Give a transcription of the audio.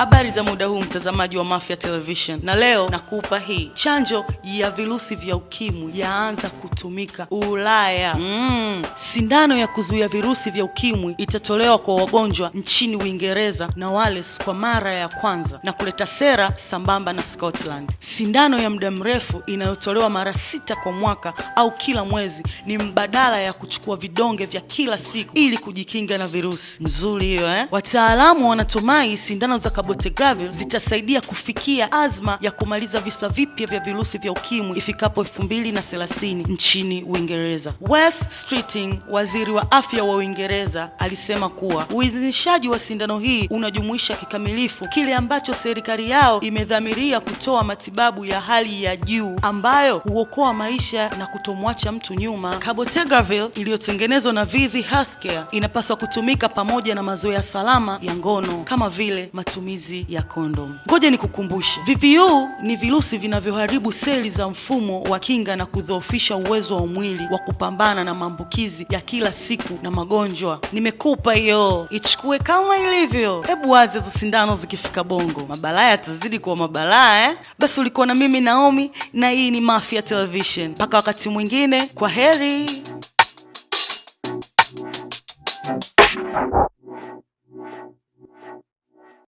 Habari za muda huu mtazamaji wa Mafia Television, na leo nakupa hii chanjo ya virusi vya ukimwi yaanza kutumika Ulaya. Mm. Sindano ya kuzuia virusi vya ukimwi itatolewa kwa wagonjwa nchini Uingereza na Wales kwa mara ya kwanza na kuleta sera sambamba na Scotland. Sindano ya muda mrefu inayotolewa mara sita kwa mwaka au kila mwezi ni mbadala ya kuchukua vidonge vya kila siku ili kujikinga na virusi. Nzuri hiyo eh? Wataalamu wanatumai sindano za Gravel zitasaidia kufikia azma ya kumaliza visa vipya vya virusi vya ukimwi ifikapo 2030 nchini Uingereza. Wes Streeting, waziri wa afya wa Uingereza, alisema kuwa uidhinishaji wa sindano hii unajumuisha kikamilifu kile ambacho serikali yao imedhamiria kutoa matibabu ya hali ya juu ambayo huokoa maisha na kutomwacha mtu nyuma. Cabotegravir iliyotengenezwa na Vivi Healthcare inapaswa kutumika pamoja na mazoea salama ya ngono kama vile matumizi matumizi ya kondom. Ngoja nikukumbushe, VVU ni virusi vinavyoharibu seli za mfumo wa kinga na kudhoofisha uwezo wa mwili wa kupambana na maambukizi ya kila siku na magonjwa. Nimekupa hiyo, ichukue kama ilivyo. Hebu wazi hizo sindano zikifika bongo, mabalaya yatazidi kuwa mabalaya eh? Basi ulikuwa na mimi Naomi, na hii ni Mafia Television. Mpaka wakati mwingine, kwa heri.